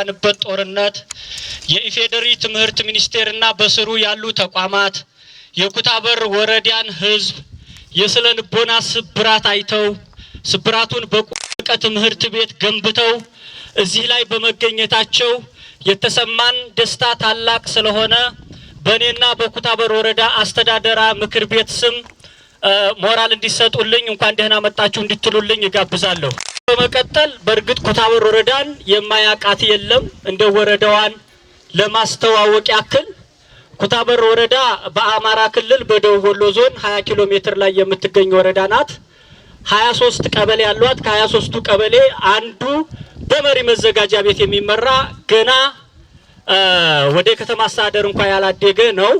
የገባንበት ጦርነት የኢፌዴሪ ትምህርት ሚኒስቴርና በስሩ ያሉ ተቋማት የኩታበር ወረዳን ህዝብ የስነ ልቦና ስብራት አይተው ስብራቱን በቁቀ ትምህርት ቤት ገንብተው እዚህ ላይ በመገኘታቸው የተሰማን ደስታ ታላቅ ስለሆነ በእኔና በኩታበር ወረዳ አስተዳደራ ምክር ቤት ስም ሞራል እንዲሰጡልኝ እንኳን ደህና መጣችሁ እንድትሉልኝ እጋብዛለሁ። በመቀጠል በእርግጥ ኩታበር ወረዳን የማያቃት የለም። እንደ ወረዳዋን ለማስተዋወቅ ያክል ኩታበር ወረዳ በአማራ ክልል በደቡብ ወሎ ዞን 20 ኪሎ ሜትር ላይ የምትገኝ ወረዳ ናት። 23 ቀበሌ ያሏት፣ ከ23ቱ ቀበሌ አንዱ በመሪ መዘጋጃ ቤት የሚመራ ገና ወደ ከተማ አስተዳደር እንኳ ያላደገ ነው።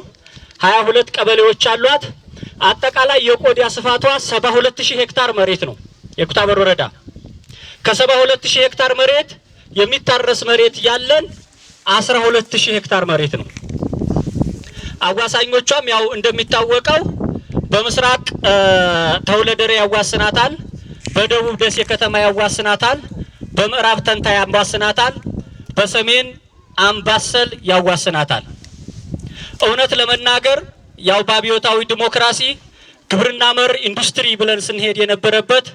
22 ቀበሌዎች አሏት። አጠቃላይ የቆዳ ስፋቷ 72000 ሄክታር መሬት ነው የኩታበር ወረዳ ከሰባ ሁለት ሺህ ሄክታር መሬት የሚታረስ መሬት ያለን አስራ ሺህ ሄክታር መሬት ነው። አዋሳኞቿም ያው እንደሚታወቀው በምስራቅ ተውለደሬ ያዋስናታል፣ በደቡብ ደሴ ከተማ ያዋስናታል፣ በምዕራብ ተንታ ያዋስናታል፣ በሰሜን አምባሰል ያዋስናታል። እውነት ለመናገር ያው በአብዮታዊ ዲሞክራሲ ግብርና መር ኢንዱስትሪ ብለን ስንሄድ የነበረበት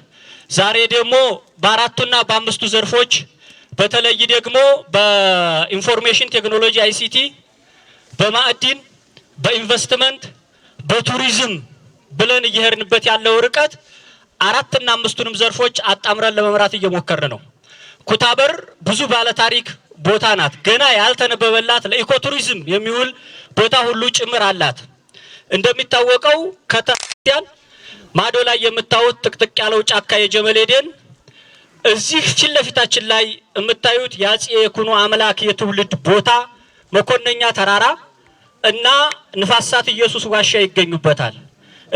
ዛሬ ደግሞ በአራቱና በአምስቱ ዘርፎች በተለይ ደግሞ በኢንፎርሜሽን ቴክኖሎጂ አይሲቲ፣ በማዕድን፣ በኢንቨስትመንት፣ በቱሪዝም ብለን እየሄድንበት ያለው ርቀት አራትና አምስቱንም ዘርፎች አጣምረን ለመምራት እየሞከርን ነው። ኩታበር ብዙ ባለታሪክ ቦታ ናት። ገና ያልተነበበላት ለኢኮቱሪዝም የሚውል ቦታ ሁሉ ጭምር አላት። እንደሚታወቀው ከታያን ማዶ ላይ የምታዩት ጥቅጥቅ ያለው ጫካ የጀመል ደን፣ እዚህ ፊት ለፊታችን ላይ የምታዩት የአጼ የኩኖ አምላክ የትውልድ ቦታ መኮንኛ ተራራ እና ንፋሳት ኢየሱስ ዋሻ ይገኙበታል።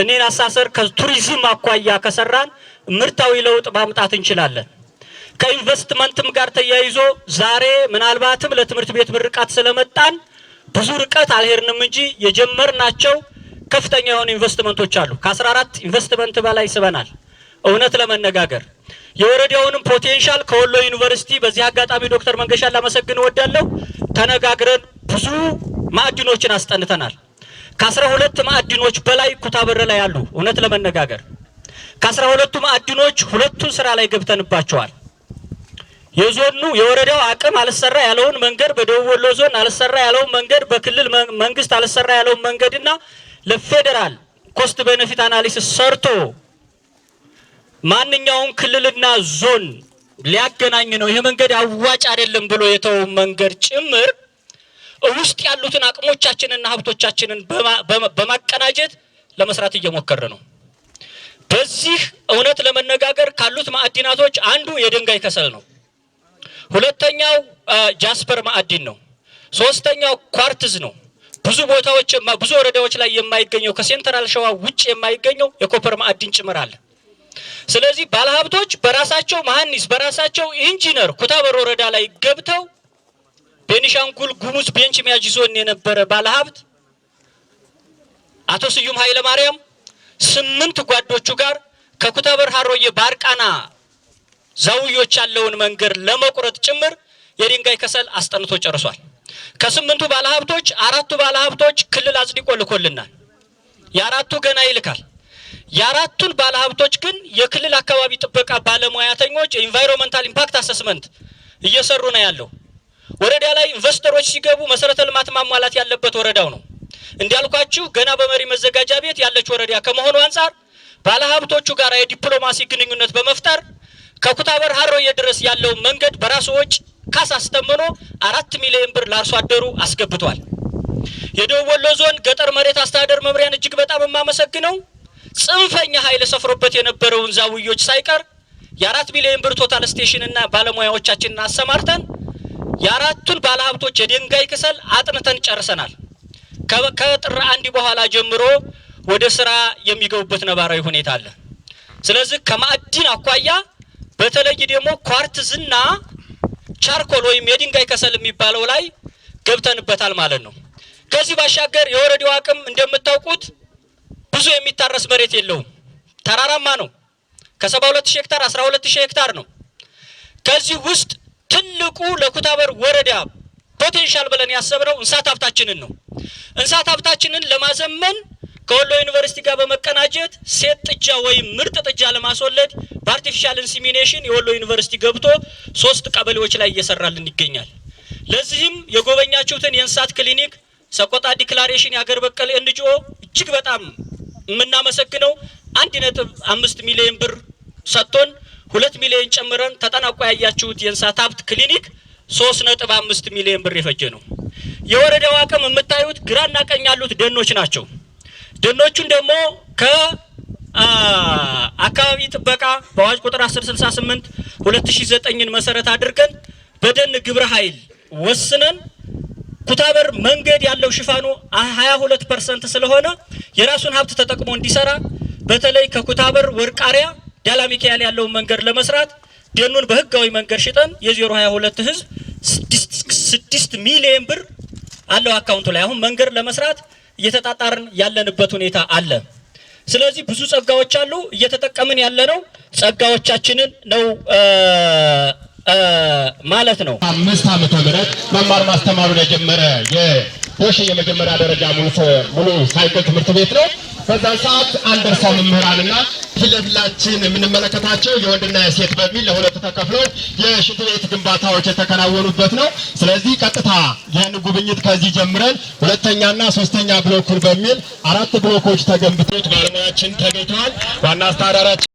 እኔን አሳሰር ከቱሪዝም አኳያ ከሰራን ምርታዊ ለውጥ ማምጣት እንችላለን። ከኢንቨስትመንትም ጋር ተያይዞ ዛሬ ምናልባትም ለትምህርት ቤት ምርቃት ስለመጣን ብዙ ርቀት አልሄድንም እንጂ የጀመርናቸው ከፍተኛ የሆኑ ኢንቨስትመንቶች አሉ። ከ14 ኢንቨስትመንት በላይ ስበናል። እውነት ለመነጋገር የወረዳውንም ፖቴንሻል ከወሎ ዩኒቨርሲቲ በዚህ አጋጣሚ ዶክተር መንገሻን ላመሰግን እወዳለሁ። ተነጋግረን ብዙ ማዕድኖችን አስጠንተናል። ከአስራ ሁለት ማዕድኖች በላይ ኩታበር ላይ አሉ። እውነት ለመነጋገር ከአስራ ሁለቱ ማዕድኖች ሁለቱን ስራ ላይ ገብተንባቸዋል። የዞኑ የወረዳው አቅም አልሰራ ያለውን መንገድ በደቡብ ወሎ ዞን አልሰራ ያለውን መንገድ በክልል መንግስት አልሰራ ያለውን መንገድና ለፌዴራል ኮስት ቤነፊት አናሊሲስ ሰርቶ ማንኛውም ክልልና ዞን ሊያገናኝ ነው ይህ መንገድ አዋጭ አይደለም ብሎ የተው መንገድ ጭምር ውስጥ ያሉትን አቅሞቻችንና ሀብቶቻችንን በማቀናጀት ለመስራት እየሞከረ ነው። በዚህ እውነት ለመነጋገር ካሉት ማዕድናቶች አንዱ የድንጋይ ከሰል ነው። ሁለተኛው ጃስፐር ማዕድን ነው። ሶስተኛው ኳርትዝ ነው። ብዙ ቦታዎች ብዙ ወረዳዎች ላይ የማይገኘው ከሴንትራል ሸዋ ውጭ የማይገኘው የኮፐር ማዕድን ጭምር አለ። ስለዚህ ባለሀብቶች በራሳቸው መሀኒስ በራሳቸው ኢንጂነር ኩታበር ወረዳ ላይ ገብተው ቤኒሻንጉል ጉሙዝ ቤንች ሚያጅ ዞን የነበረ ባለሀብት አቶ ስዩም ኃይለ ማርያም ስምንት ጓዶቹ ጋር ከኩታበር ሀሮዬ ባርቃና ዛውዮች ያለውን መንገድ ለመቁረጥ ጭምር የድንጋይ ከሰል አስጠንቶ ጨርሷል። ከስምንቱ ባለሀብቶች አራቱ ባለሀብቶች ክልል አጽድቆ ልኮልናል። የአራቱ ገና ይልካል። የአራቱን ባለሀብቶች ግን የክልል አካባቢ ጥበቃ ባለሙያተኞች የኢንቫይሮንመንታል ኢምፓክት አሰስመንት እየሰሩ ነው ያለው። ወረዳ ላይ ኢንቨስተሮች ሲገቡ መሰረተ ልማት ማሟላት ያለበት ወረዳው ነው። እንዲያልኳችሁ ገና በመሪ መዘጋጃ ቤት ያለች ወረዳ ከመሆኑ አንጻር ባለሀብቶቹ ጋር የዲፕሎማሲ ግንኙነት በመፍጠር ከኩታበር ሀሮዬ ድረስ ያለው መንገድ በራሱ ወጪ ካስ አስተምኖ አራት ሚሊዮን ብር ለአርሶ አደሩ አስገብቷል። የደቡብ ወሎ ዞን ገጠር መሬት አስተዳደር መምሪያን እጅግ በጣም የማመሰግነው ጽንፈኛ ኃይል ሰፍሮበት የነበረውን ዛውዮች ሳይቀር የአራት ሚሊዮን ብር ቶታል ስቴሽንና ባለሙያዎቻችንን አሰማርተን የአራቱን ባለሀብቶች የድንጋይ ክሰል አጥንተን ጨርሰናል። ከጥር አንድ በኋላ ጀምሮ ወደ ስራ የሚገቡበት ነባራዊ ሁኔታ አለ። ስለዚህ ከማዕድን አኳያ በተለይ ደግሞ ኳርትዝና ቻርኮል ወይም የድንጋይ ከሰል የሚባለው ላይ ገብተንበታል ማለት ነው። ከዚህ ባሻገር የወረዳው አቅም እንደምታውቁት ብዙ የሚታረስ መሬት የለውም። ተራራማ ነው። ከ72000 ሄክታር 12000 ሄክታር ነው። ከዚህ ውስጥ ትልቁ ለኩታበር ወረዳ ፖቴንሻል ብለን ያሰብነው እንስሳት ሀብታችንን ነው። እንስሳት ሀብታችንን ለማዘመን ከወሎ ዩኒቨርሲቲ ጋር በመቀናጀት ሴት ጥጃ ወይም ምርጥ ጥጃ ለማስወለድ በአርቲፊሻል ኢንሲሚኔሽን የወሎ ዩኒቨርሲቲ ገብቶ ሶስት ቀበሌዎች ላይ እየሰራልን ይገኛል። ለዚህም የጎበኛችሁትን የእንስሳት ክሊኒክ ሰቆጣ ዲክላሬሽን የአገር በቀል እንጆ እጅግ በጣም የምናመሰግነው አንድ ነጥብ አምስት ሚሊዮን ብር ሰጥቶን ሁለት ሚሊዮን ጨምረን ተጠናቆ ያያችሁት የእንስሳት ሀብት ክሊኒክ ሶስት ነጥብ አምስት ሚሊዮን ብር የፈጀ ነው። የወረዳው አቅም የምታዩት ግራና ቀኝ ያሉት ደኖች ናቸው። ደኖቹን ደግሞ ከአካባቢ ጥበቃ በአዋጅ ቁጥር 168 2009ን መሰረት አድርገን በደን ግብረ ኃይል ወስነን ኩታበር መንገድ ያለው ሽፋኑ 22 ፐርሰንት ስለሆነ የራሱን ሀብት ተጠቅሞ እንዲሰራ በተለይ ከኩታበር ወርቃሪያ ዳላ ሚካኤል ያለውን መንገድ ለመስራት ደኑን በህጋዊ መንገድ ሽጠን የ022 ህዝብ 6 ሚሊየን ብር አለው አካውንቱ ላይ አሁን መንገድ ለመስራት እየተጣጣርን ያለንበት ሁኔታ አለ። ስለዚህ ብዙ ጸጋዎች አሉ። እየተጠቀምን ያለነው ጸጋዎቻችንን ነው ማለት ነው። አምስት ዓመተ ምህረት መማር ማስተማሩን የጀመረ የቦሽ የመጀመሪያ ደረጃ ሙሉ ሳይክል ትምህርት ቤት ነው። በዛን ሰዓት አንደርሳ መምህራንና ፊት ለፊታችን የምንመለከታቸው የወንድና የሴት በሚል ለሁለት ተከፍለው የሽንት ቤት ግንባታዎች የተከናወኑበት ነው። ስለዚህ ቀጥታ ይህን ጉብኝት ከዚህ ጀምረን ሁለተኛና ሶስተኛ ብሎኩን በሚል አራት ብሎኮች ተገንብቶች ባለሙያችን ተገኝተዋል። ዋና አስተዳዳሪያችን